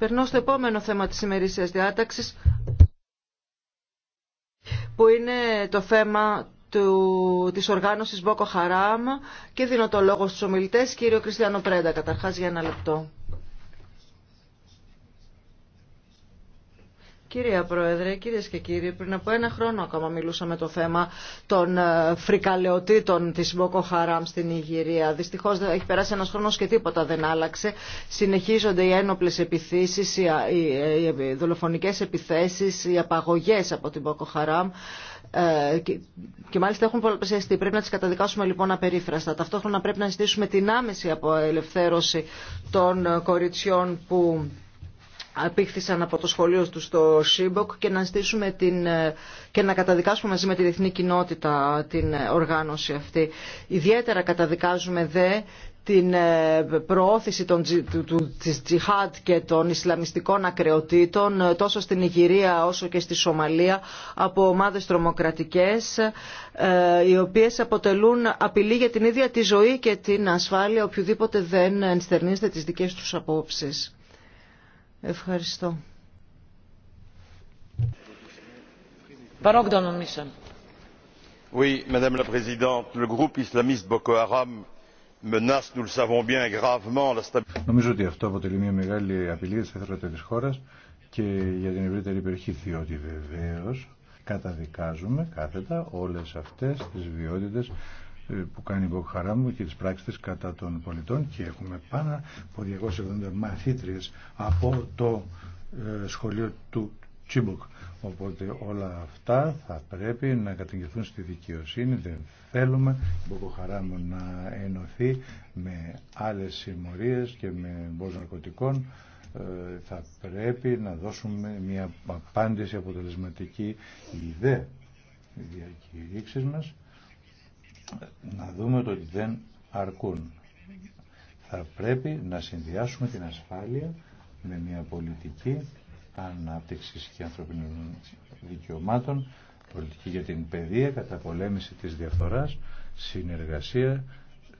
Περνώ στο επόμενο θέμα της ημερήσιας διάταξης που είναι το θέμα του, της οργάνωσης Boko Haram και δίνω το λόγο στους ομιλητές κύριο Κριστιανό Πρέντα καταρχάς για ένα λεπτό. Κυρία Πρόεδρε, κυρίες και κύριοι, πριν από ένα χρόνο ακόμα μιλούσαμε το θέμα των ε, φρικαλαιοτήτων της Μπόκο Χαράμ στην Ιγυρία. Δυστυχώς έχει περάσει ένας χρόνος και τίποτα δεν άλλαξε. Συνεχίζονται οι ένοπλες επιθέσεις, οι ε, δολοφονικές επιθέσεις, οι απαγωγές από την Μπόκο Χαράμ ε, και, μάλιστα έχουν πολλαπλασιαστεί. Πρέπει να τι καταδικάσουμε λοιπόν απερίφραστα. Ταυτόχρονα πρέπει να ζητήσουμε την άμεση αποελευθέρωση των κοριτσιών που απήχθησαν από το σχολείο του στο Σίμποκ και να, στήσουμε την, ε, και να καταδικάσουμε μαζί με τη διεθνή κοινότητα την ε, οργάνωση αυτή. Ιδιαίτερα καταδικάζουμε δε την ε, προώθηση των, του, της τζιχάτ και των Ισλαμιστικών ακρεωτήτων τόσο στην Ιγυρία όσο και στη Σομαλία από ομάδες τρομοκρατικές οι οποίες αποτελούν απειλή για την ίδια τη ζωή και την ασφάλεια οποιοδήποτε δεν ενστερνίζεται τις δικές τους απόψεις. Ευχαριστώ. Νομίζω ότι αυτό αποτελεί μια μεγάλη απειλή τη σταθερότητα της χώρα και για την ευρύτερη διότι βεβαίω καταδικάζουμε κάθετα όλε αυτέ τι βιότητε ε, που κάνει η μου και τις πράξεις κατά των πολιτών και έχουμε πάνω από 270 μαθήτριες από το ε, σχολείο του Τσίμποκ. Οπότε όλα αυτά θα πρέπει να κατηγηθούν στη δικαιοσύνη. Δεν θέλουμε η Μποκοχαράμου να ενωθεί με άλλες συμμορίες και με εμπόριο ναρκωτικών. Ε, θα πρέπει να δώσουμε μια απάντηση αποτελεσματική. Η ιδέα διακηρύξεις μας να δούμε το ότι δεν αρκούν. Θα πρέπει να συνδυάσουμε την ασφάλεια με μια πολιτική ανάπτυξη και ανθρωπίνων δικαιωμάτων, πολιτική για την παιδεία, καταπολέμηση της διαφθοράς, συνεργασία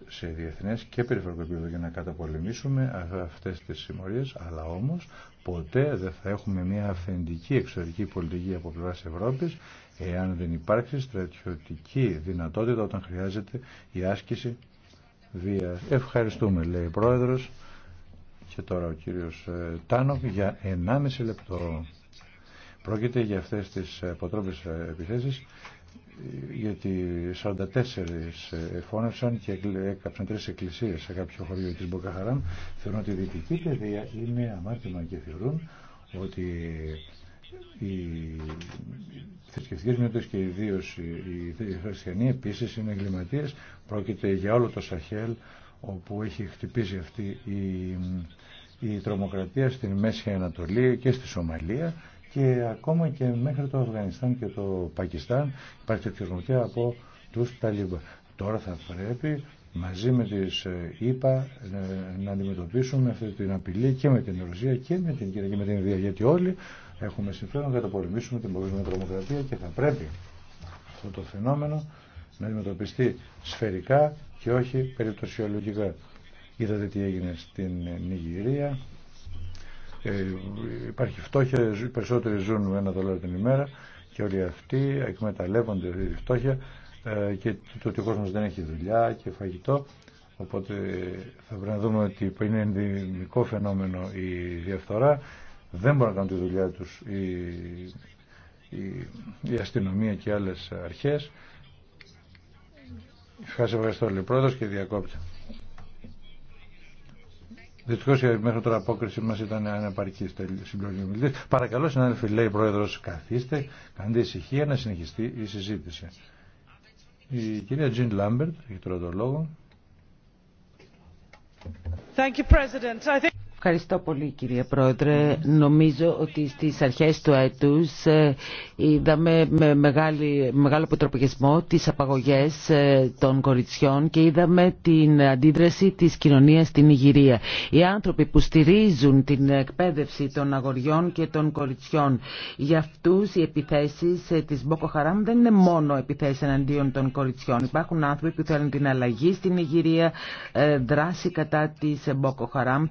σε διεθνές και περιφερειακό επίπεδο για να καταπολεμήσουμε αυτές τις συμμορίες, αλλά όμως ποτέ δεν θα έχουμε μια αυθεντική εξωτερική πολιτική από πλευράς Ευρώπης εάν δεν υπάρξει στρατιωτική δυνατότητα όταν χρειάζεται η άσκηση βία. Ευχαριστούμε, λέει ο Πρόεδρος και τώρα ο κύριος ε, Τάνο για 1,5 λεπτό. Πρόκειται για αυτές τις ε, αποτρόπες ε, επιθέσεις γιατί 44 φώνευσαν και έκαψαν τρεις εκκλησίες σε κάποιο χωριό της Μποκαχαράμ θεωρούν ότι η δυτική παιδεία είναι αμάρτημα και θεωρούν ότι οι θρησκευτικέ μειονότητε και ιδίω οι χριστιανοί επίση είναι εγκληματίε. Πρόκειται για όλο το Σαχέλ όπου έχει χτυπήσει αυτή η, η τρομοκρατία στην Μέση Ανατολή και στη Σομαλία και ακόμα και μέχρι το Αφγανιστάν και το Πακιστάν υπάρχει τέτοια τρομοκρατία από τους Ταλίμπα. Τώρα θα πρέπει μαζί με τις ΙΠΑ ε, ε, να αντιμετωπίσουμε αυτή την απειλή και με την Ρωσία και με την Κυριακή με την Ινδία γιατί όλοι Έχουμε συμφέρον το πολεμήσουμε την πολιτική τρομοκρατία και θα πρέπει αυτό το φαινόμενο να αντιμετωπιστεί σφαιρικά και όχι περιπτωσιολογικά. Είδατε τι έγινε στην Νιγηρία. Ε, υπάρχει φτώχεια, οι περισσότεροι ζουν με ένα δολάριο την ημέρα και όλοι αυτοί εκμεταλλεύονται τη φτώχεια ε, και το ότι ο κόσμος δεν έχει δουλειά και φαγητό. Οπότε θα πρέπει να δούμε ότι είναι ενδυμικό φαινόμενο η διαφθορά δεν μπορούν να κάνουν τη δουλειά τους η, η, η αστυνομία και άλλες αρχές. Σας ευχαριστώ λοιπόν και διακόπτω. Δυστυχώ μέχρι τώρα η απόκριση μα ήταν ανεπαρκή Παρακαλώ, συνάδελφοι, λέει ο πρόεδρο, καθίστε, κάντε ησυχία να συνεχιστεί η συζήτηση. Η κυρία Τζιν Λάμπερτ έχει τώρα το λόγο. Ευχαριστώ πολύ κύριε Πρόεδρε. Νομίζω ότι στις αρχές του έτους ε, είδαμε με μεγάλη, μεγάλο αποτροπηγισμό τις απαγωγές ε, των κοριτσιών και είδαμε την αντίδραση της κοινωνίας στην Ιγυρία. Οι άνθρωποι που στηρίζουν την εκπαίδευση των αγοριών και των κοριτσιών για αυτούς οι επιθέσεις ε, της Μποκοχαράμ δεν είναι μόνο επιθέσεις εναντίον των κοριτσιών. Υπάρχουν άνθρωποι που θέλουν την αλλαγή στην Ιγυρία, δράση κατά της Μπόκο Χαράμ,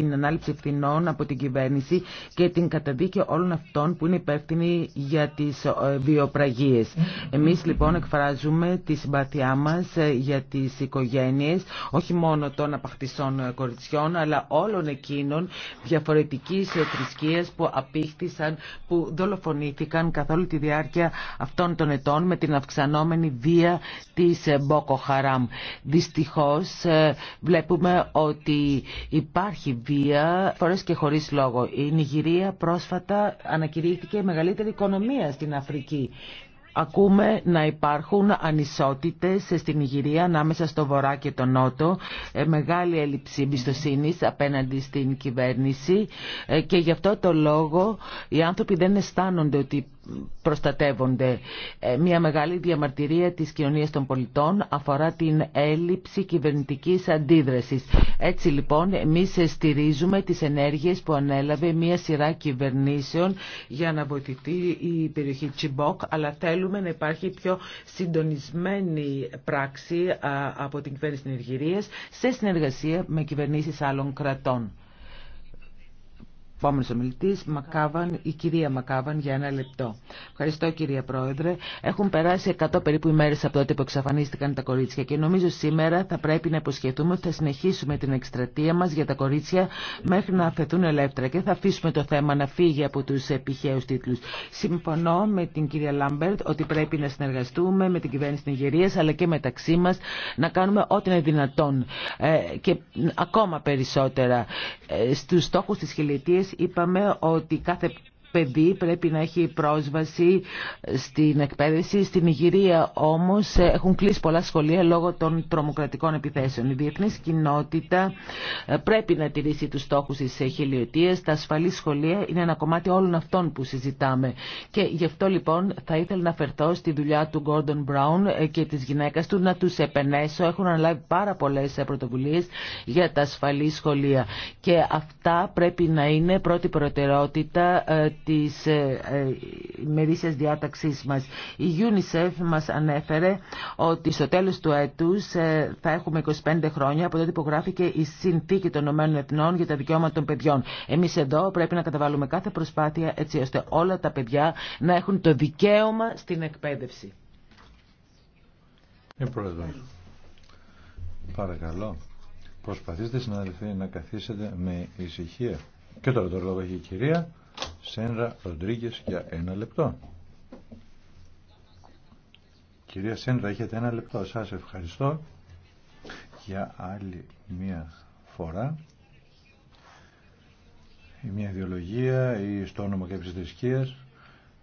την ανάληψη ευθυνών από την κυβέρνηση και την καταδίκη όλων αυτών που είναι υπεύθυνοι για τις ε, βιοπραγίες. Εμείς λοιπόν εκφράζουμε τη συμπάθειά μας ε, για τις οικογένειες, όχι μόνο των απαχτισών ε, κοριτσιών, αλλά όλων εκείνων διαφορετικής θρησκείας που απήχθησαν, που δολοφονήθηκαν καθ' όλη τη διάρκεια αυτών των ετών με την αυξανόμενη βία της Μπόκο Χαράμ. Δυστυχώς βλέπουμε ότι υπάρχει βία φορές και χωρίς λόγο. Η Νιγηρία πρόσφατα ανακηρύχθηκε μεγαλύτερη οικονομία στην Αφρική. Ακούμε να υπάρχουν ανισότητες στην Ιγυρία ανάμεσα στο βορρά και το νότο, ε, μεγάλη έλλειψη εμπιστοσύνη απέναντι στην κυβέρνηση ε, και γι' αυτό το λόγο οι άνθρωποι δεν αισθάνονται ότι προστατεύονται. Ε, μια μεγάλη διαμαρτυρία της κοινωνίας των πολιτών αφορά την έλλειψη κυβερνητικής αντίδρασης. Έτσι λοιπόν εμείς στηρίζουμε τις ενέργειες που ανέλαβε μια σειρά κυβερνήσεων για να βοηθηθεί η περιοχή Τσιμπόκ, αλλά θέλουμε να υπάρχει πιο συντονισμένη πράξη από την κυβέρνηση της σε συνεργασία με κυβερνήσεις άλλων κρατών. Επόμενος ομιλητής, Μακάβαν, η κυρία Μακάβαν για ένα λεπτό. Ευχαριστώ κυρία Πρόεδρε. Έχουν περάσει 100 περίπου ημέρες από τότε που εξαφανίστηκαν τα κορίτσια και νομίζω σήμερα θα πρέπει να υποσχεθούμε ότι θα συνεχίσουμε την εκστρατεία μας για τα κορίτσια μέχρι να αφαιθούν ελεύθερα και θα αφήσουμε το θέμα να φύγει από τους επιχαίους τίτλους. Συμφωνώ με την κυρία Λάμπερτ ότι πρέπει να συνεργαστούμε με την κυβέρνηση της αλλά και μεταξύ μας να κάνουμε ό,τι είναι δυνατόν ε, και ακόμα περισσότερα ε, στους στόχους της χιλιετίας είπαμε ότι κάθε παιδί πρέπει να έχει πρόσβαση στην εκπαίδευση. Στην Ιγυρία όμως έχουν κλείσει πολλά σχολεία λόγω των τρομοκρατικών επιθέσεων. Η διεθνή κοινότητα πρέπει να τηρήσει τους στόχους της χιλιοτίας. Τα ασφαλή σχολεία είναι ένα κομμάτι όλων αυτών που συζητάμε. Και γι' αυτό λοιπόν θα ήθελα να φερθώ στη δουλειά του Gordon Brown και τη γυναίκα του να τους επενέσω. Έχουν αναλάβει πάρα πολλές πρωτοβουλίε για τα ασφαλή σχολεία. Και αυτά πρέπει να είναι πρώτη προτεραιότητα ε, της ε, ε, μερίσιας διάταξής μας. Η UNICEF μας ανέφερε ότι στο τέλος του έτους ε, θα έχουμε 25 χρόνια από τότε που γράφηκε η Συνθήκη των Ηνωμένων Εθνών για τα Δικαιώματα των Παιδιών. Εμείς εδώ πρέπει να καταβάλουμε κάθε προσπάθεια έτσι ώστε όλα τα παιδιά να έχουν το δικαίωμα στην εκπαίδευση. Ε, πρόεδρος. Παρακαλώ. Προσπαθήστε συναδελφοί να καθίσετε με ησυχία. Και τώρα το λόγο έχει η κυρία Σένρα Ροντρίγκε για ένα λεπτό. Κυρία Σένρα, έχετε ένα λεπτό. Σας ευχαριστώ για άλλη μία φορά. Η μία ιδεολογία ή στο όνομα κάποιες θρησκείας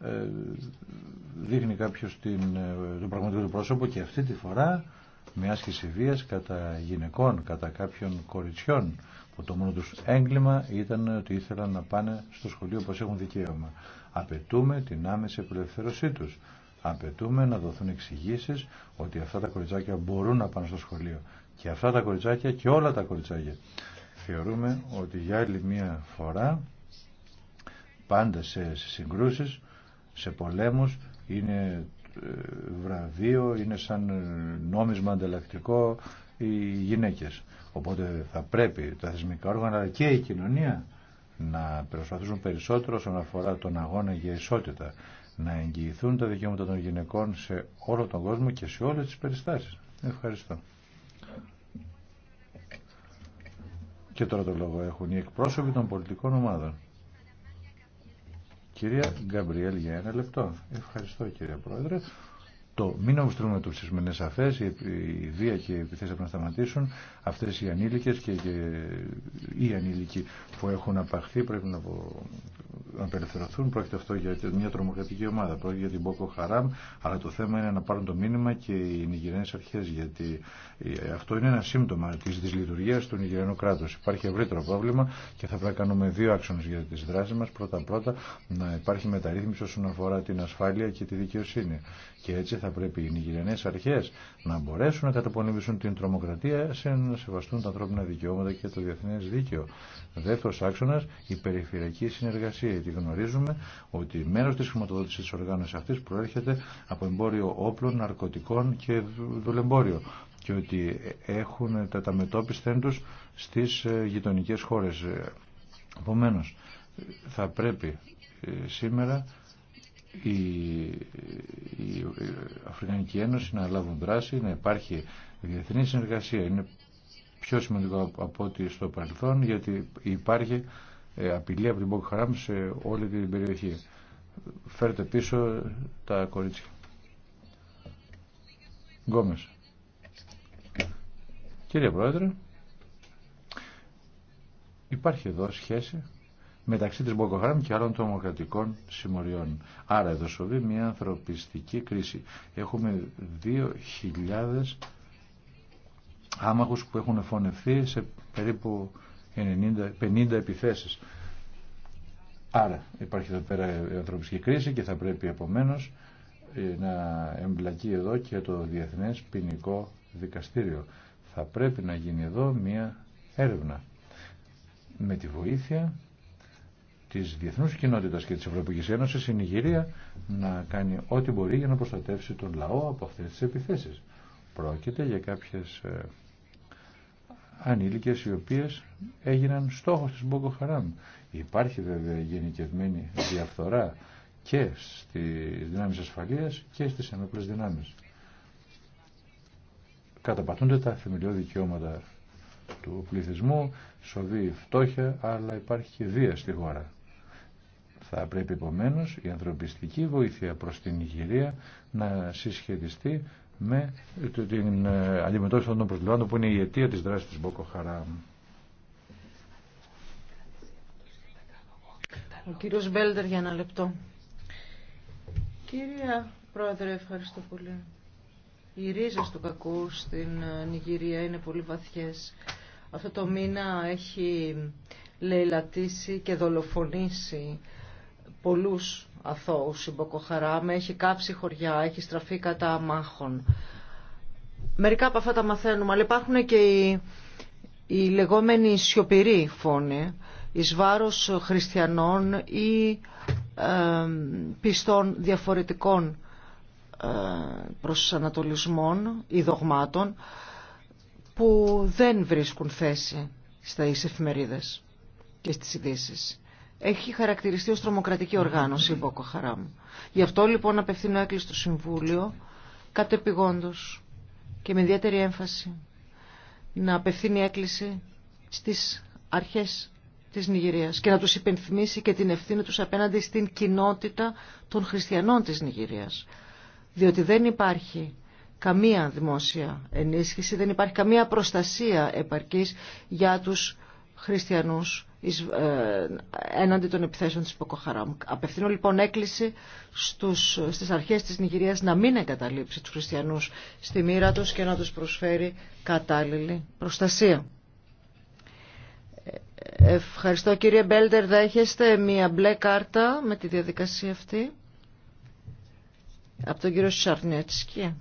ε, δείχνει κάποιος την, ε, το πραγματικό του πρόσωπο και αυτή τη φορά με άσκηση βίας κατά γυναικών, κατά κάποιων κοριτσιών το μόνο τους έγκλημα ήταν ότι ήθελαν να πάνε στο σχολείο όπως έχουν δικαίωμα. Απαιτούμε την άμεση απελευθέρωσή τους. Απαιτούμε να δοθούν εξηγήσει ότι αυτά τα κοριτσάκια μπορούν να πάνε στο σχολείο. Και αυτά τα κοριτσάκια και όλα τα κοριτσάκια. Θεωρούμε ότι για άλλη μία φορά πάντα σε συγκρούσεις, σε πολέμους, είναι ε, βραβείο, είναι σαν ε, νόμισμα ανταλλακτικό, οι γυναίκες. Οπότε θα πρέπει τα θεσμικά όργανα και η κοινωνία να προσπαθήσουν περισσότερο όσον αφορά τον αγώνα για ισότητα. Να εγγυηθούν τα δικαιώματα των γυναικών σε όλο τον κόσμο και σε όλες τις περιστάσεις. Ευχαριστώ. Και τώρα το λόγο έχουν οι εκπρόσωποι των πολιτικών ομάδων. Κυρία Γκαμπριέλ για ένα λεπτό. Ευχαριστώ κύριε Πρόεδρε αυτό. Μην αγουστρούμε το σημερινέ αφέ, η βία και οι επιθέσει πρέπει να σταματήσουν. Αυτέ οι ανήλικε και οι ανήλικοι που έχουν απαχθεί πρέπει να απελευθερωθούν. Πρόκειται αυτό για μια τρομοκρατική ομάδα, πρόκειται για την Boko Χαράμ, αλλά το θέμα είναι να πάρουν το μήνυμα και οι Νιγηρινέ αρχέ, γιατί ε, αυτό είναι ένα σύμπτωμα τη δυσλειτουργία του Νιγηρινού κράτου. Υπάρχει ευρύτερο πρόβλημα και θα πρέπει να κάνουμε δύο άξονε για τι δράσει μα. Πρώτα-πρώτα να υπάρχει μεταρρύθμιση όσον αφορά την ασφάλεια και τη δικαιοσύνη. Και έτσι θα πρέπει οι νιγηριανέ αρχές να μπορέσουν να καταπονεμήσουν την τρομοκρατία σε να σεβαστούν τα ανθρώπινα δικαιώματα και το διεθνές δίκαιο. Δεύτερο άξονα η περιφερειακή συνεργασία. Γιατί γνωρίζουμε ότι μέρος της χρηματοδότησης τη οργάνωσης αυτής προέρχεται από εμπόριο όπλων, ναρκωτικών και δουλεμπόριο και ότι έχουν τα, τα τους στις ε, γειτονικές χώρες. Επομένω, θα πρέπει ε, σήμερα η, η Αφρικανική Ένωση να λάβουν δράση, να υπάρχει διεθνή συνεργασία. Είναι πιο σημαντικό από ό,τι στο παρελθόν γιατί υπάρχει ε, απειλή από την Μποκ Χαράμ σε όλη την περιοχή. Φέρτε πίσω τα κορίτσια. Γκόμες. Κύριε Πρόεδρε, υπάρχει εδώ σχέση μεταξύ της Μποκοχάραμ και άλλων τρομοκρατικών συμμοριών. Άρα εδώ σοβεί μια ανθρωπιστική κρίση. Έχουμε 2.000 άμαχους που έχουν φωνευθεί σε περίπου 90, 50 επιθέσεις. Άρα υπάρχει εδώ πέρα η ανθρωπιστική κρίση και θα πρέπει επομένως ε, να εμπλακεί εδώ και το Διεθνές Ποινικό Δικαστήριο. Θα πρέπει να γίνει εδώ μια έρευνα με τη βοήθεια της διεθνούς κοινότητας και της Ευρωπαϊκής Ένωσης η Νιγηρία να κάνει ό,τι μπορεί για να προστατεύσει τον λαό από αυτές τις επιθέσεις. Πρόκειται για κάποιες ε, ανήλικες οι οποίες έγιναν στόχος της Μπόκο Χαράμ. Υπάρχει βέβαια γενικευμένη διαφθορά και στις δυνάμεις ασφαλείας και στις ενόπλες δυνάμεις. Καταπατούνται τα θεμελιώδη δικαιώματα του πληθυσμού, σοβεί φτώχεια, αλλά υπάρχει και βία στη χώρα. Θα πρέπει επομένω η ανθρωπιστική βοήθεια προς την Ιγυρία να συσχετιστεί με την ε, αντιμετώπιση των προσλημάτων που είναι η αιτία της δράσης της Μπόκο Ο κύριος Μπέλτερ για ένα λεπτό. Κύρια Πρόεδρε, ευχαριστώ πολύ. Οι ρίζες του κακού στην ε, Νιγηρία είναι πολύ βαθιές. Αυτό το μήνα έχει λαιλατήσει και δολοφονήσει πολλούς αθώους η με έχει κάψει χωριά, έχει στραφεί κατά μάχων Μερικά από αυτά τα μαθαίνουμε, αλλά υπάρχουν και οι, λεγόμενοι σιωπηροί φόνοι, εις βάρος χριστιανών ή πιστών διαφορετικών ε, προσανατολισμών ή δογμάτων, που δεν βρίσκουν θέση στα εφημερίδες και στις ειδήσει έχει χαρακτηριστεί ως τρομοκρατική οργάνωση η Μπόκο Χαράμ. Γι' αυτό λοιπόν απευθύνω έκκληση στο Συμβούλιο κατεπηγόντως και με ιδιαίτερη έμφαση να απευθύνει έκκληση στις αρχές της Νιγηρίας και να τους υπενθυμίσει και την ευθύνη τους απέναντι στην κοινότητα των χριστιανών της Νιγηρίας. Διότι δεν υπάρχει καμία δημόσια ενίσχυση, δεν υπάρχει καμία προστασία επαρκής για τους χριστιανούς ε, έναντι των επιθέσεων της Ποκοχαράμ. Απευθύνω λοιπόν έκκληση στους, στις αρχές της Νιγηρίας να μην εγκαταλείψει τους χριστιανούς στη μοίρα τους και να τους προσφέρει κατάλληλη προστασία. Ε, ευχαριστώ κύριε Μπέλτερ. Δέχεστε μία μπλε κάρτα με τη διαδικασία αυτή από τον κύριο Σαρνέτσκι.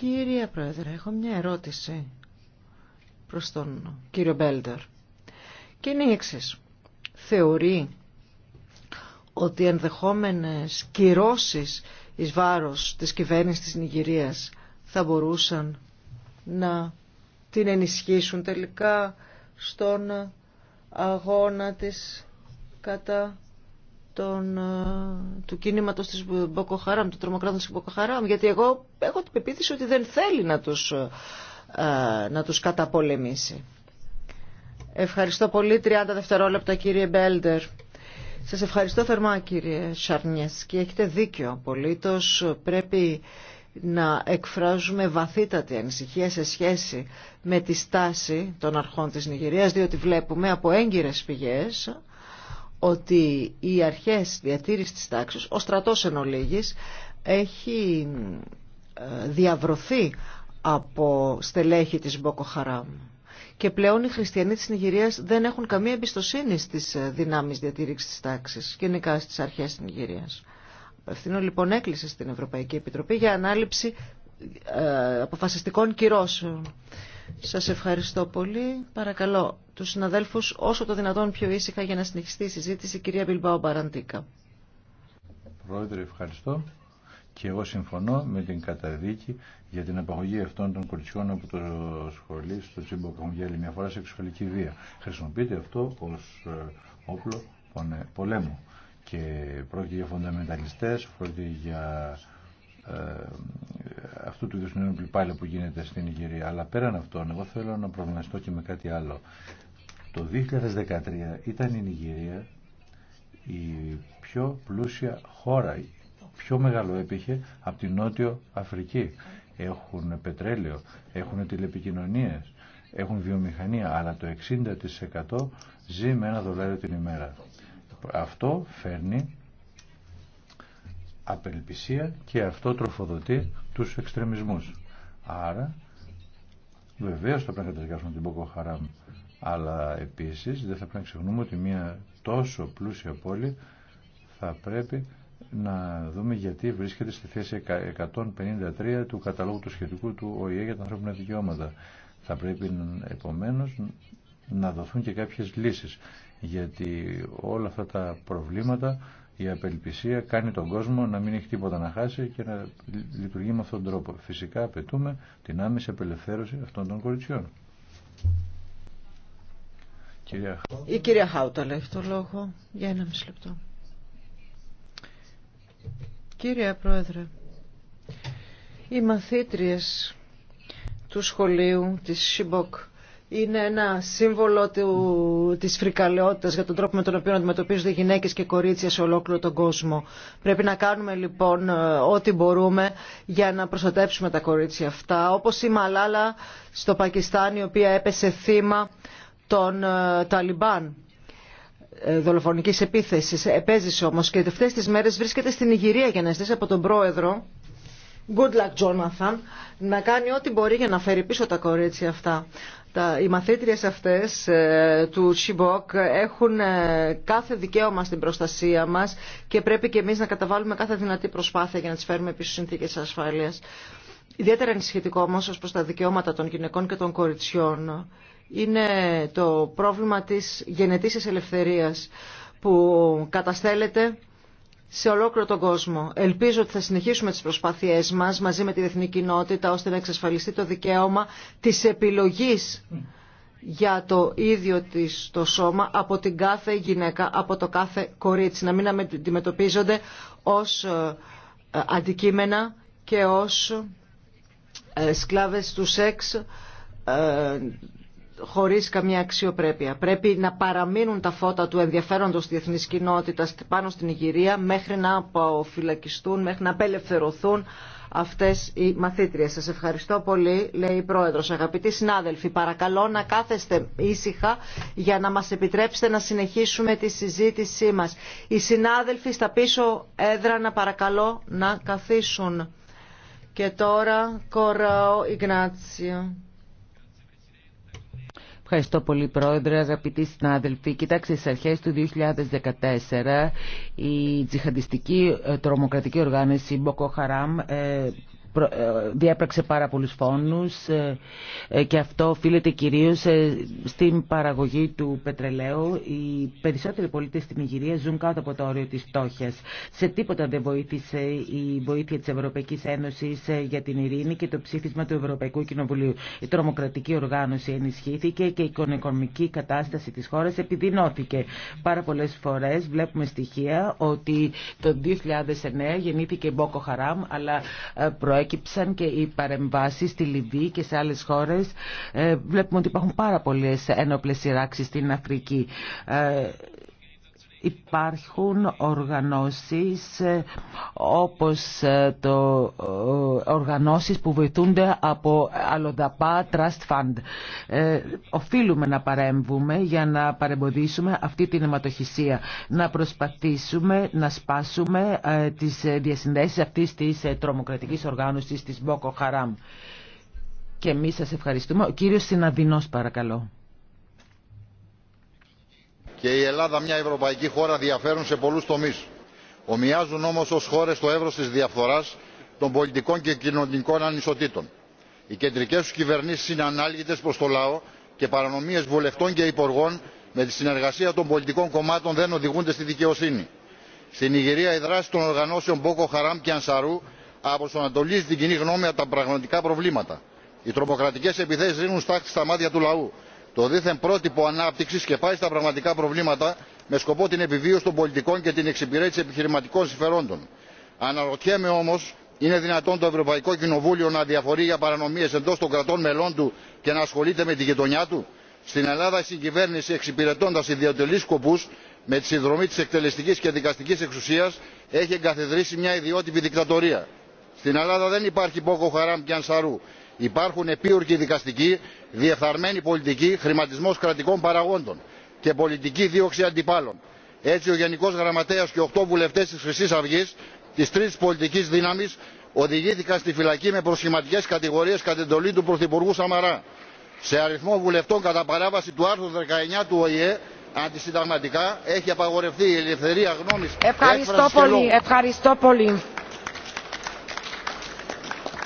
Κύριε Πρόεδρε, έχω μια ερώτηση προς τον κύριο Μπέλτερ. Και είναι η Θεωρεί ότι ενδεχόμενες κυρώσεις εις βάρος της κυβέρνησης της Νιγηρίας θα μπορούσαν να την ενισχύσουν τελικά στον αγώνα της κατά τον ε, του κίνηματος της Μποκοχαράμ, του Τρομοκράτου της Μποκοχαράμ, γιατί εγώ έχω την πεποίθηση ότι δεν θέλει να τους, ε, να τους καταπολεμήσει. Ευχαριστώ πολύ. 30 δευτερόλεπτα κύριε Μπέλντερ. Σας ευχαριστώ θερμά κύριε Σαρνιέσκη. Έχετε δίκιο απολύτως. Πρέπει να εκφράζουμε βαθύτατη ανησυχία σε σχέση με τη στάση των αρχών της Νιγηρίας, διότι βλέπουμε από έγκυρες πηγές ότι οι αρχές διατήρησης της τάξης, ο στρατός εν ολίγης, έχει ε, διαβρωθεί από στελέχη της Μποκοχαράμ. Και πλέον οι χριστιανοί της Νιγηρίας δεν έχουν καμία εμπιστοσύνη στις ε, δυνάμεις διατήρησης της τάξης, γενικά στις αρχές της Νιγηρίας. Απευθύνω λοιπόν έκκληση στην Ευρωπαϊκή Επιτροπή για ανάληψη ε, αποφασιστικών κυρώσεων. Σας ευχαριστώ πολύ. Παρακαλώ τους συναδέλφους όσο το δυνατόν πιο ήσυχα για να συνεχιστεί η συζήτηση. Κυρία Μπιλμπάου Μπαραντίκα. Πρόεδρε, ευχαριστώ. Και εγώ συμφωνώ με την καταδίκη για την απαγωγή αυτών των κοριτσιών από το σχολείο στο Τσίμπο μια φορά σεξουαλική βία. Χρησιμοποιείται αυτό ως ε, όπλο πολέμου. Και πρόκειται για φονταμενταλιστές, πρόκειται για ε, αυτού του είδους πάλι που γίνεται στην Ιγυρία. Αλλά πέραν αυτών, εγώ θέλω να προβληματιστώ και με κάτι άλλο. Το 2013 ήταν η Ιγυρία η πιο πλούσια χώρα, πιο μεγάλο έπειχε από την Νότιο Αφρική. Έχουν πετρέλαιο, έχουν τηλεπικοινωνίες, έχουν βιομηχανία, αλλά το 60% ζει με ένα δολάριο την ημέρα. Αυτό φέρνει απελπισία και αυτό τροφοδοτεί τους εξτρεμισμούς. Άρα βεβαίως θα πρέπει να καταδικάσουμε την Ποκοχαράμ αλλά επίσης δεν θα πρέπει να ξεχνούμε ότι μια τόσο πλούσια πόλη θα πρέπει να δούμε γιατί βρίσκεται στη θέση 153 του καταλόγου του σχετικού του ΟΗΕ για τα ανθρώπινα δικαιώματα. Θα πρέπει επομένως να δοθούν και κάποιες λύσεις γιατί όλα αυτά τα προβλήματα η απελπισία κάνει τον κόσμο να μην έχει τίποτα να χάσει και να λειτουργεί με αυτόν τον τρόπο. Φυσικά απαιτούμε την άμεση απελευθέρωση αυτών των κοριτσιών. Η κυρία Χάουτα το λόγο για ένα μισή λεπτό. Κύριε Πρόεδρε, οι μαθήτριες του σχολείου της ΣΥΜΠΟΚ είναι ένα σύμβολο του, της φρικαλαιότητας για τον τρόπο με τον οποίο αντιμετωπίζονται γυναίκες και κορίτσια σε ολόκληρο τον κόσμο. Πρέπει να κάνουμε λοιπόν ε, ό,τι μπορούμε για να προστατέψουμε τα κορίτσια αυτά. Όπως η Μαλάλα στο Πακιστάν η οποία έπεσε θύμα των ε, Ταλιμπάν ε, δολοφονικής επίθεσης. Επέζησε όμως και αυτές τις μέρες βρίσκεται στην Ιγυρία για να ζητήσει από τον πρόεδρο Good luck Jonathan να κάνει ό,τι μπορεί για να φέρει πίσω τα κορίτσια αυτά τα, οι μαθήτριες αυτές ε, του Σιμπόκ έχουν ε, κάθε δικαίωμα στην προστασία μας και πρέπει και εμείς να καταβάλουμε κάθε δυνατή προσπάθεια για να τις φέρουμε πίσω συνθήκες ασφάλειας. Ιδιαίτερα ενισχυτικό όμως ως προς τα δικαιώματα των γυναικών και των κοριτσιών είναι το πρόβλημα της γενετήσης ελευθερίας που καταστέλλεται σε ολόκληρο τον κόσμο. Ελπίζω ότι θα συνεχίσουμε τις προσπάθειές μας μαζί με τη διεθνή κοινότητα ώστε να εξασφαλιστεί το δικαίωμα της επιλογής για το ίδιο της το σώμα από την κάθε γυναίκα, από το κάθε κορίτσι. Να μην αντιμετωπίζονται ως ε, αντικείμενα και ως ε, σκλάβες του σεξ ε, χωρίς καμία αξιοπρέπεια. Πρέπει να παραμείνουν τα φώτα του ενδιαφέροντος διεθνής κοινότητας πάνω στην Ιγυρία μέχρι να αποφυλακιστούν, μέχρι να απελευθερωθούν αυτές οι μαθήτριες. Σας ευχαριστώ πολύ, λέει η Πρόεδρος. Αγαπητοί συνάδελφοι, παρακαλώ να κάθεστε ήσυχα για να μας επιτρέψετε να συνεχίσουμε τη συζήτησή μας. Οι συνάδελφοι στα πίσω να παρακαλώ να καθίσουν. Και τώρα, κοράω Ιγνάτσιο. Ευχαριστώ πολύ πρόεδρε, αγαπητοί συνάδελφοι. Κοιτάξτε, στις αρχές του 2014 η τζιχαντιστική ε, τρομοκρατική οργάνωση Μποκοχαράμ ε, ε, διέπραξε πάρα πολλούς φόνους ε, ε, και αυτό οφείλεται κυρίως στην παραγωγή του πετρελαίου. Οι περισσότεροι πολίτες στην Ιγυρία ζουν κάτω από το όριο της φτώχειας. Σε τίποτα δεν βοήθησε η βοήθεια της Ευρωπαϊκής Ένωσης για την ειρήνη και το ψήφισμα του Ευρωπαϊκού Κοινοβουλίου. Η τρομοκρατική οργάνωση ενισχύθηκε και η οικονομική κατάσταση της χώρας επιδεινώθηκε. Πάρα πολλές φορέ. βλέπουμε στοιχεία ότι το 2009 γεννήθηκε Μπόκο Χαράμ, αλλά προέκυψαν και οι παρεμβάσεις στη Λιβύη και σε άλλες χώρες. Ε, βλέπουμε ότι υπάρχουν πάρα πολλές ένοπλες σειράξεις στην Αφρική. Ε, Υπάρχουν οργανώσεις ε, όπως ε, το, ε, οργανώσεις που βοηθούνται από αλλοδαπά trust fund. οφείλουμε να παρέμβουμε για να παρεμποδίσουμε αυτή την αιματοχυσία. Να προσπαθήσουμε να σπάσουμε ε, τις διασυνδέσεις αυτής της ε, τρομοκρατικής οργάνωσης της Boko Haram. Και εμείς σας ευχαριστούμε. Ο κύριος Συναδεινός παρακαλώ και η Ελλάδα μια ευρωπαϊκή χώρα διαφέρουν σε πολλούς τομείς. Ομοιάζουν όμως ως χώρες το εύρος της διαφθοράς, των πολιτικών και κοινωνικών ανισοτήτων. Οι κεντρικές τους κυβερνήσεις είναι ανάλγητες προς το λαό και παρανομίες βουλευτών και υπουργών με τη συνεργασία των πολιτικών κομμάτων δεν οδηγούνται στη δικαιοσύνη. Στην Ιγυρία η δράση των οργανώσεων Μπόκο Χαράμ και Ανσαρού αποσανατολίζει την κοινή γνώμη από τα πραγματικά προβλήματα. Οι τρομοκρατικέ επιθέσει ρίχνουν στάχτη στα μάτια του λαού το δίθεν πρότυπο ανάπτυξη και τα στα πραγματικά προβλήματα με σκοπό την επιβίωση των πολιτικών και την εξυπηρέτηση επιχειρηματικών συμφερόντων. αναρωτιέμαι όμω είναι δυνατόν το ευρωπαϊκό κοινοβούλιο να διαφορεί για παρανομίε εντό των κρατών μελών του και να ασχολείται με τη γειτονιά του. στην ελλάδα η συγκυβέρνηση εξυπηρετώντα ιδιωτελεί σκοπού με τη συνδρομή τη εκτελεστική και δικαστική εξουσία έχει εγκαθιδρύσει μια ιδιότυπη δικτατορία. στην ελλάδα δεν υπάρχει μπόκο χαράμ και ανσαρού υπάρχουν επίουρκοι δικαστικοί διεφθαρμένη πολιτική χρηματισμός κρατικών παραγόντων και πολιτική δίωξη αντιπάλων. έτσι ο γενικός γραμματέας και οκτώ βουλευτές της χρυσής αυγής της τρίτης πολιτικής δύναμης οδηγήθηκαν στη φυλακή με προσχηματικές κατηγορίες κατά εντολή του πρωθυπουργού σαμαρά. σε αριθμό βουλευτών κατά παράβαση του άρθρου 19 του οηε αντισυνταγματικά έχει απαγορευτεί η ελευθερία γνώμης και Ευχαριστώ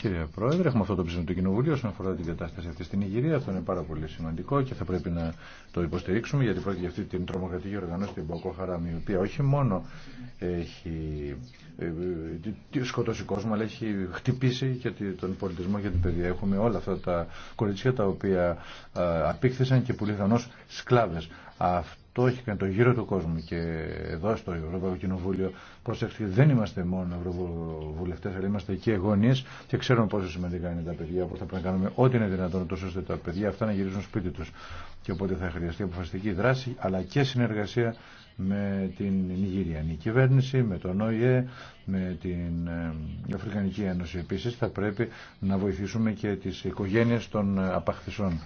Κύριε Πρόεδρε, έχουμε αυτό το ψήφισμα του Κοινοβουλίου όσον αφορά την κατάσταση αυτή στην Ιγυρία. Αυτό είναι πάρα πολύ σημαντικό και θα πρέπει να το υποστηρίξουμε γιατί πρόκειται για αυτή την τρομοκρατική οργανώση την Μποκό Χαράμ, η οποία όχι μόνο έχει ε, ε, σκοτώσει κόσμο, αλλά έχει χτυπήσει και τον πολιτισμό και την παιδεία. Έχουμε όλα αυτά τα κοριτσιά τα οποία ε, απήκθησαν και που σκλάβε. Αυτό αυτό έχει κάνει το γύρο του κόσμου και εδώ στο Ευρωπαϊκό Κοινοβούλιο. Προσέξτε, δεν είμαστε μόνο ευρωβουλευτέ, αλλά είμαστε και γονεί και ξέρουμε πόσο σημαντικά είναι τα παιδιά. Οπότε θα πρέπει να κάνουμε ό,τι είναι δυνατόν, τόσο ώστε τα παιδιά αυτά να γυρίζουν σπίτι του. Και οπότε θα χρειαστεί αποφασιστική δράση, αλλά και συνεργασία με την Νιγηριανή κυβέρνηση, με τον ΟΗΕ, με την ε, Αφρικανική Ένωση. Επίση, θα πρέπει να βοηθήσουμε και τι οικογένειε των ε, απαχθισών.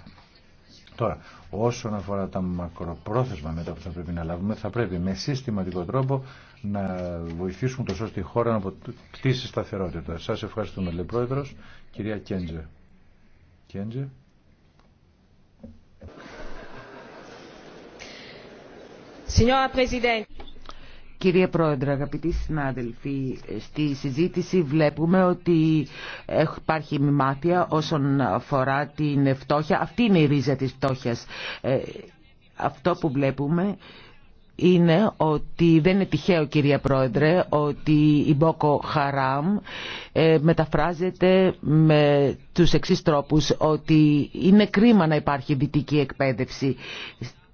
Τώρα, όσον αφορά τα μακροπρόθεσμα μετά που θα πρέπει να λάβουμε, θα πρέπει με συστηματικό τρόπο να βοηθήσουμε τόσο σώστη χώρα να αποκτήσει σταθερότητα. Σας ευχαριστούμε, λέει Πρόεδρος, κυρία Κέντζε. Κέντζε. Signora Κύριε Πρόεδρε, αγαπητοί συνάδελφοι, στη συζήτηση βλέπουμε ότι υπάρχει μημάτια όσον αφορά την φτώχεια. Αυτή είναι η ρίζα της φτώχειας. Ε, αυτό που βλέπουμε είναι ότι δεν είναι τυχαίο κυρία Πρόεδρε ότι η Μπόκο Χαράμ ε, μεταφράζεται με τους εξής τρόπους ότι είναι κρίμα να υπάρχει δυτική εκπαίδευση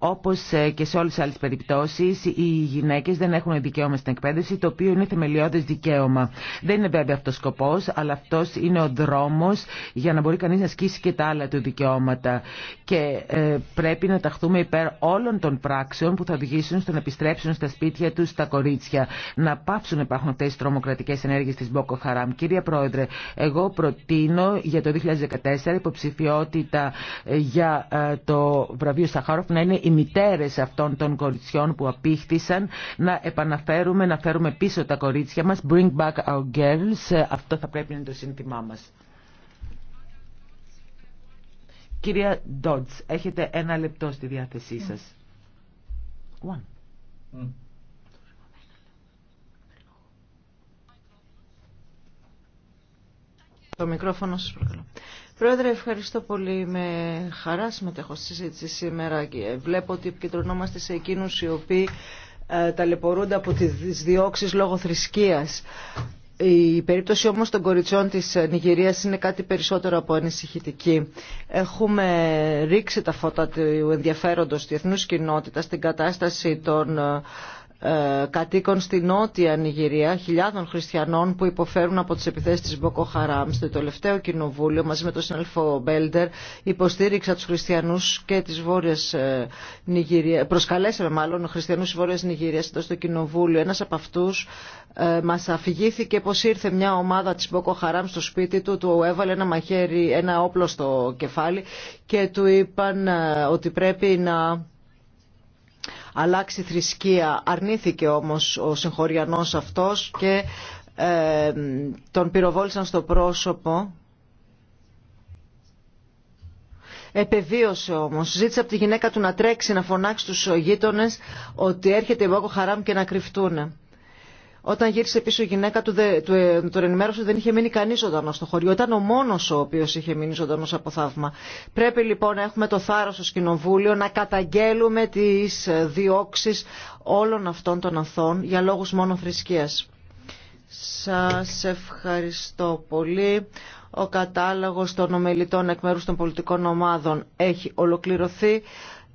όπως ε, και σε όλες τις άλλες περιπτώσεις, οι γυναίκες δεν έχουν δικαίωμα στην εκπαίδευση, το οποίο είναι θεμελιώδες δικαίωμα. Δεν είναι βέβαια αυτός σκοπός, αλλά αυτός είναι ο δρόμος για να μπορεί κανείς να ασκήσει και τα άλλα του δικαιώματα. Και ε, πρέπει να ταχθούμε υπέρ όλων των πράξεων που θα οδηγήσουν στο να επιστρέψουν στα σπίτια τους τα κορίτσια. Να πάψουν να υπάρχουν αυτές οι τρομοκρατικές ενέργειες της Μπόκο Χαράμ. Κύριε Πρόεδρε, εγώ προτείνω για το 2014 υποψηφιότητα ε, για το βραβείο Σαχάροφ να είναι οι μητέρες αυτών των κοριτσιών που απήχθησαν να επαναφέρουμε, να φέρουμε πίσω τα κορίτσια μας. Bring back our girls. Αυτό θα πρέπει να είναι το σύνθημά μας. Κυρία Ντότς, έχετε ένα λεπτό στη διάθεσή ναι. σας. One. Mm. Το μικρόφωνο σας παρακαλώ. Πρόεδρε, ευχαριστώ πολύ. Με χαρά συμμετέχω στη συζήτηση σήμερα και βλέπω ότι επικεντρωνόμαστε σε εκείνους οι οποίοι ε, ταλαιπωρούνται από τις διώξεις λόγω θρησκείας. Η περίπτωση όμως των κοριτσιών της ε, Νιγηρίας είναι κάτι περισσότερο από ανησυχητική. Έχουμε ρίξει τα φώτα του ενδιαφέροντος διεθνούς κοινότητα στην κατάσταση των ε, ε, κατοίκων στη νότια Νιγηρία, χιλιάδων χριστιανών που υποφέρουν από τις επιθέσεις της Μποκοχαράμ. Στο τελευταίο κοινοβούλιο, μαζί με τον συνέλφο Μπέλντερ, υποστήριξα του Χριστιανού και τι βόρείε. Νιγηρία προσκαλέσαμε μάλλον χριστιανού τη βόρεια Νιγηρία στο κοινοβούλιο. Ένα από αυτού ε, μας αφηγήθηκε πω ήρθε μια ομάδα της Μποκοχαράμ στο σπίτι του, του έβαλε ένα μαχαίρι, ένα όπλο στο κεφάλι και του είπαν ε, ότι πρέπει να αλλάξει θρησκεία. Αρνήθηκε όμως ο συγχωριανός αυτός και ε, τον πυροβόλησαν στο πρόσωπο. Επεβίωσε όμως. Ζήτησε από τη γυναίκα του να τρέξει, να φωνάξει τους γείτονες ότι έρχεται η Μπόκο Χαράμ και να κρυφτούνε. Όταν γύρισε πίσω η γυναίκα του, του ε, τον ενημέρωσε δεν είχε μείνει κανεί ζωντανό στο χωριό. Ήταν ο μόνο ο οποίο είχε μείνει ζωντανό από θαύμα. Πρέπει λοιπόν να έχουμε το θάρρο στο Κοινοβούλιο να καταγγέλουμε τι ε, διώξει όλων αυτών των αθών για λόγου μόνο θρησκεία. Σα ευχαριστώ πολύ. Ο κατάλογος των ομιλητών εκ μέρους των πολιτικών ομάδων έχει ολοκληρωθεί.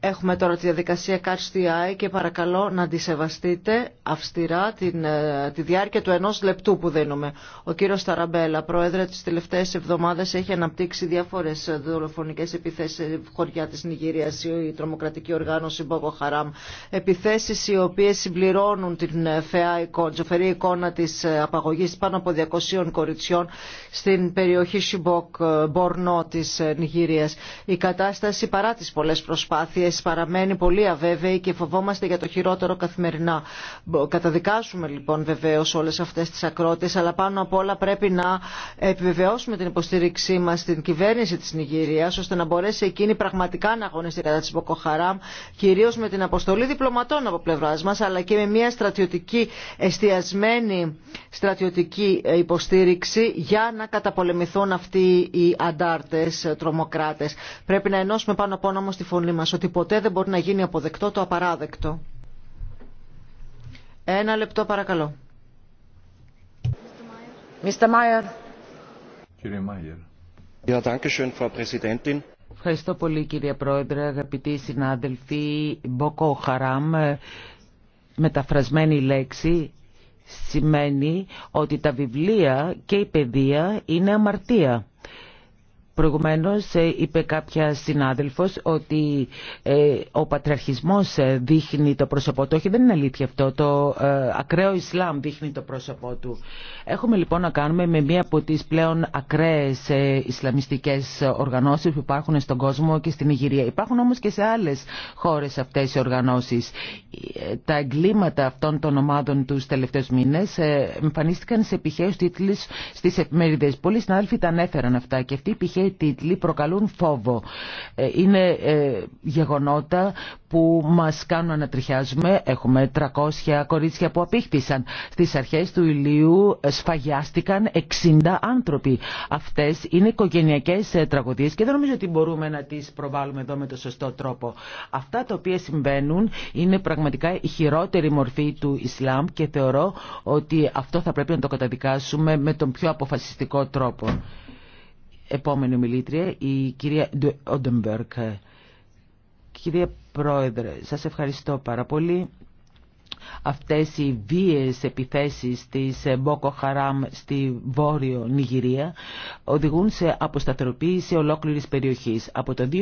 Έχουμε τώρα τη διαδικασία Catch the Eye και παρακαλώ να αντισεβαστείτε αυστηρά την, ε, τη διάρκεια του ενός λεπτού που δίνουμε. Ο κύριος Ταραμπέλα, πρόεδρε τις τελευταίες εβδομάδες, έχει αναπτύξει διάφορες δολοφονικές επιθέσεις σε χωριά της Νιγηρίας, η Η τρομοκρατική οργάνωση Μπόκο Χαράμ, επιθέσεις οι οποίες συμπληρώνουν την ε, φαιά εικόνα, ζωφερή εικόνα της ε, απαγωγής πάνω από 200 κοριτσιών στην περιοχή Σιμπόκ Μπορνό της Νιγηρίας. Η κατάσταση παρά τις πολλές προσπάθειες κατάσταση παραμένει πολύ αβέβαιη και φοβόμαστε για το χειρότερο καθημερινά. Καταδικάσουμε λοιπόν βεβαίω όλε αυτέ τι ακρότητε, αλλά πάνω απ' όλα πρέπει να επιβεβαιώσουμε την υποστήριξή μα στην κυβέρνηση τη Νιγηρία, ώστε να μπορέσει εκείνη πραγματικά να αγωνιστεί κατά τη Μποκοχαράμ, κυρίω με την αποστολή διπλωματών από πλευρά μα, αλλά και με μια στρατιωτική, εστιασμένη στρατιωτική ε, υποστήριξη για να καταπολεμηθούν αυτοί οι αντάρτε, τρομοκράτε. Πρέπει να ενώσουμε πάνω από όλα όμω τη φωνή μα ότι ποτέ δεν μπορεί να γίνει αποδεκτό το απαράδεκτο. Ένα λεπτό παρακαλώ. Mr. Κύριε Ευχαριστώ πολύ κύριε Πρόεδρε, αγαπητοί συνάδελφοι. Μποκο Χαράμ, ε, μεταφρασμένη λέξη, σημαίνει ότι τα βιβλία και η παιδεία είναι αμαρτία. Προηγουμένως ε, είπε κάποια συνάδελφος ότι ε, ο πατριαρχισμός ε, δείχνει το πρόσωπό του. Όχι, δεν είναι αλήθεια αυτό. Το ακραίο Ισλάμ δείχνει το πρόσωπό του. Έχουμε λοιπόν να κάνουμε με μία από τις πλέον ακραίες Ισλαμιστικές οργανώσεις που υπάρχουν στον κόσμο και στην Ιγυρία. Υπάρχουν όμως και σε άλλες χώρες αυτές οι οργανώσεις. Τα εγκλήματα αυτών των ομάδων τους τελευταίους μήνες εμφανίστηκαν σε επιχαίους τίτλους στις εφημερίδες. Πολλοί συνάδελφοι τα ανέφεραν αυτά και αυτή η οι τίτλοι προκαλούν φόβο. Ε, είναι ε, γεγονότα που μας κάνουν να τριχιάζουμε. Έχουμε 300 κορίτσια που απήχθησαν. Στις αρχές του Ηλίου σφαγιάστηκαν 60 άνθρωποι. Αυτές είναι οικογενειακές ε, τραγωδίες και δεν νομίζω ότι μπορούμε να τις προβάλλουμε εδώ με το σωστό τρόπο. Αυτά τα οποία συμβαίνουν είναι πραγματικά η χειρότερη μορφή του Ισλάμ και θεωρώ ότι αυτό θα πρέπει να το καταδικάσουμε με τον πιο αποφασιστικό τρόπο επόμενη μιλήτρια, η κυρία Οντεμπερκ. Κυρία Πρόεδρε, σας ευχαριστώ πάρα πολύ αυτές οι βίες επιθέσεις της ε, Μπόκο Χαράμ στη Βόρειο Νιγηρία οδηγούν σε αποσταθεροποίηση ολόκληρης περιοχής. Από το 2010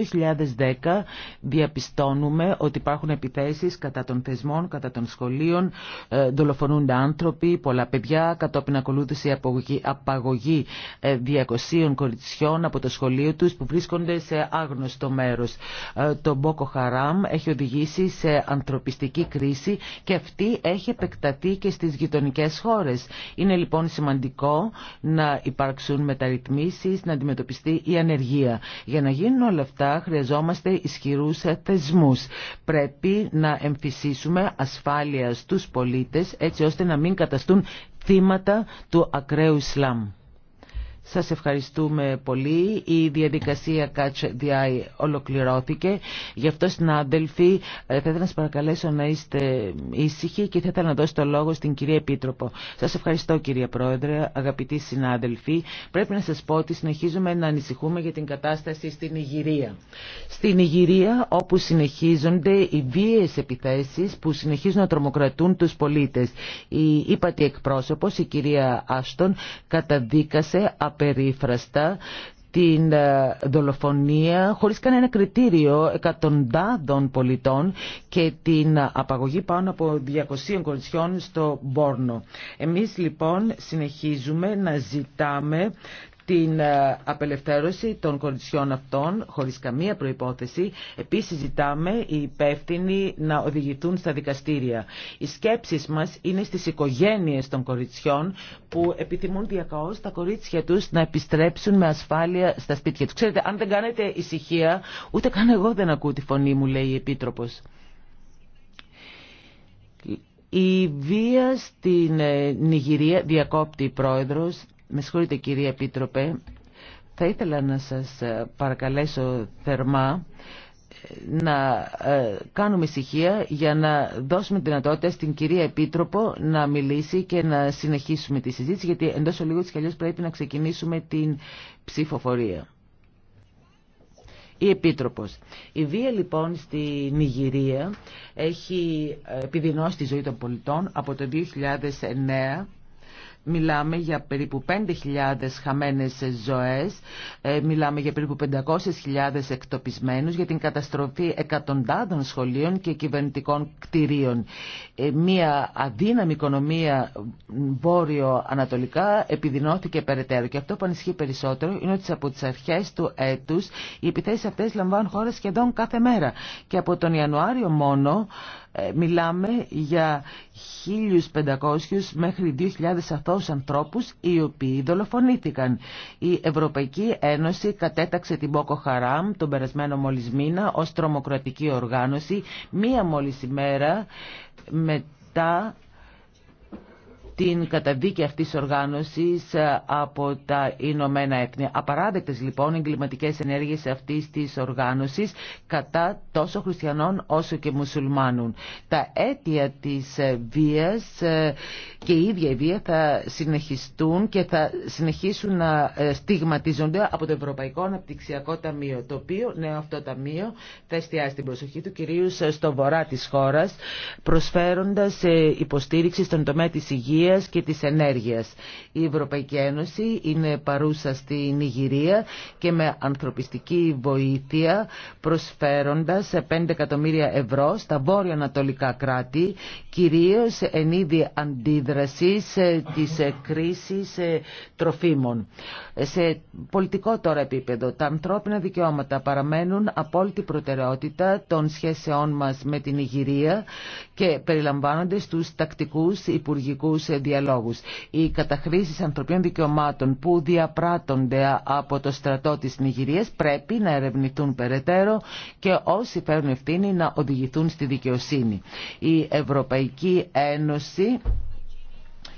διαπιστώνουμε ότι υπάρχουν επιθέσεις κατά των θεσμών, κατά των σχολείων, ε, δολοφονούνται άνθρωποι, πολλά παιδιά, κατόπιν ακολούθηση απαγωγή 200 ε, κοριτσιών από το σχολείο τους που βρίσκονται σε άγνωστο μέρος. Το Μπόκο έχει οδηγήσει σε ανθρωπιστική κρίση και αυτή έχει επεκταθεί και στις γειτονικέ χώρες. Είναι λοιπόν σημαντικό να υπάρξουν μεταρρυθμίσεις, να αντιμετωπιστεί η ανεργία. Για να γίνουν όλα αυτά χρειαζόμαστε ισχυρούς θεσμούς. Πρέπει να εμφυσίσουμε ασφάλεια στους πολίτες έτσι ώστε να μην καταστούν θύματα του ακραίου Ισλάμ. Σας ευχαριστούμε πολύ. Η διαδικασία Catch the Eye ολοκληρώθηκε. Γι' αυτό, συνάδελφοι, ε, θα ήθελα να σας παρακαλέσω να είστε ήσυχοι και θα ήθελα να δώσω το λόγο στην κυρία Επίτροπο. Σας ευχαριστώ κυρία Πρόεδρε, αγαπητοί συνάδελφοι. Πρέπει να σας πω ότι συνεχίζουμε να ανησυχούμε για την κατάσταση στην Ιγυρία. Στην Ιγυρία όπου συνεχίζονται οι βίαιες επιθέσεις που συνεχίζουν να τρομοκρατούν τους πολίτες. Η ύπατη εκπρόσωπος, η κυρία Άστον, καταδίκασε απερίφραστα την ε, δολοφονία χωρίς κανένα κριτήριο εκατοντάδων πολιτών και την απαγωγή πάνω από 200 κοριτσιών στο Μπόρνο. Εμείς λοιπόν συνεχίζουμε να ζητάμε την ε, απελευθέρωση των κοριτσιών αυτών χωρίς καμία προϋπόθεση. Επίσης ζητάμε οι υπεύθυνοι να οδηγηθούν στα δικαστήρια. Οι σκέψεις μας είναι στις οικογένειες των κοριτσιών που επιθυμούν διακαώς τα κορίτσια τους να επιστρέψουν με ασφάλεια στα σπίτια τους. Ξέρετε, αν δεν κάνετε ησυχία, ούτε καν εγώ δεν ακούω τη φωνή μου, λέει η Επίτροπος. Η βία στην ε, Νιγηρία διακόπτει η πρόεδρος με συγχωρείτε κυρία Επίτροπε, θα ήθελα να σας ε, παρακαλέσω θερμά ε, να ε, κάνουμε ησυχία για να δώσουμε δυνατότητα στην κυρία Επίτροπο να μιλήσει και να συνεχίσουμε τη συζήτηση γιατί εντός ολίγου της χαλιώς πρέπει να ξεκινήσουμε την ψηφοφορία. Η Επίτροπος. Η βία λοιπόν στη Νιγηρία έχει επιδεινώσει τη ζωή των πολιτών από το 2009 Μιλάμε για περίπου 5.000 χαμένες ζωές, ε, μιλάμε για περίπου 500.000 εκτοπισμένους, για την καταστροφή εκατοντάδων σχολείων και κυβερνητικών κτηρίων. Ε, μία αδύναμη οικονομία βόρειο-ανατολικά επιδεινώθηκε περαιτέρω και αυτό που ανισχύει περισσότερο είναι ότι από τις αρχές του έτους οι επιθέσεις αυτές λαμβάνουν χώρα σχεδόν κάθε μέρα και από τον Ιανουάριο μόνο ε, μιλάμε για 1.500 μέχρι 2.000 αθώους ανθρώπους οι οποίοι δολοφονήθηκαν. Η Ευρωπαϊκή Ένωση κατέταξε την Μπόκο Χαράμ τον περασμένο μόλις μήνα ως τρομοκρατική οργάνωση μία μόλις ημέρα μετά την καταδίκη αυτής της οργάνωσης ε, από τα Ηνωμένα Έθνη. Απαράδεκτες λοιπόν εγκληματικές ενέργειες αυτής της οργάνωσης κατά τόσο χριστιανών όσο και μουσουλμάνων. Τα αίτια της ε, βίας ε, και η ίδια η βία θα συνεχιστούν και θα συνεχίσουν να στιγματίζονται από το Ευρωπαϊκό Αναπτυξιακό Ταμείο, το οποίο νέο ναι, αυτό ταμείο θα εστιάσει την προσοχή του κυρίως στο βορρά της χώρας, προσφέροντας υποστήριξη στον τομέα της και της ενέργειας. Η Ευρωπαϊκή Ένωση είναι παρούσα στην Ιγυρία και με ανθρωπιστική βοήθεια προσφέροντας 5 εκατομμύρια ευρώ στα βόρεια-ανατολικά κράτη, κυρίως εν είδη αντίδρασης ε, της ε, κρίσης ε, τροφίμων. Σε πολιτικό τώρα επίπεδο, τα ανθρώπινα δικαιώματα παραμένουν απόλυτη προτεραιότητα των σχέσεών μας με την Ιγυρία και περιλαμβάνονται στους τακτικούς υπουργικούς διαλόγους. Οι καταχρήσεις ανθρωπίνων δικαιωμάτων που διαπράττονται από το στρατό της Νιγηρίας πρέπει να ερευνηθούν περαιτέρω και όσοι φέρουν ευθύνη να οδηγηθούν στη δικαιοσύνη. Η Ευρωπαϊκή Ένωση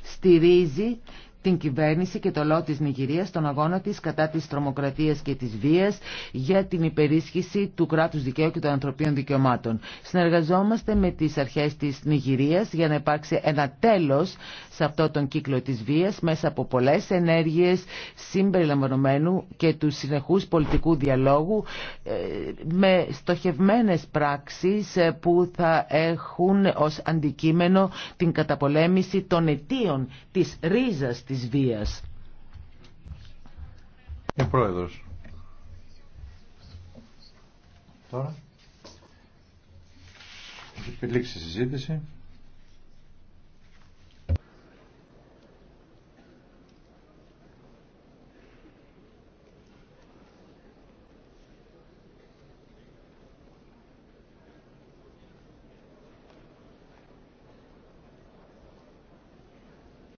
στηρίζει την κυβέρνηση και το λαό της Νιγηρίας στον αγώνα της κατά της τρομοκρατίας και της βίας για την υπερίσχυση του κράτους δικαίου και των ανθρωπίνων δικαιωμάτων. Συνεργαζόμαστε με τις αρχές της Νιγηρίας για να υπάρξει ένα τέλος σε αυτό τον κύκλο της βίας μέσα από πολλές ενέργειες συμπεριλαμβανομένου και του συνεχούς πολιτικού διαλόγου ε, με στοχευμένες πράξεις ε, που θα έχουν ως αντικείμενο την καταπολέμηση των αιτίων της ρίζας της βίας. Ε, πρόεδρος. Τώρα. επιλήξει συζήτηση.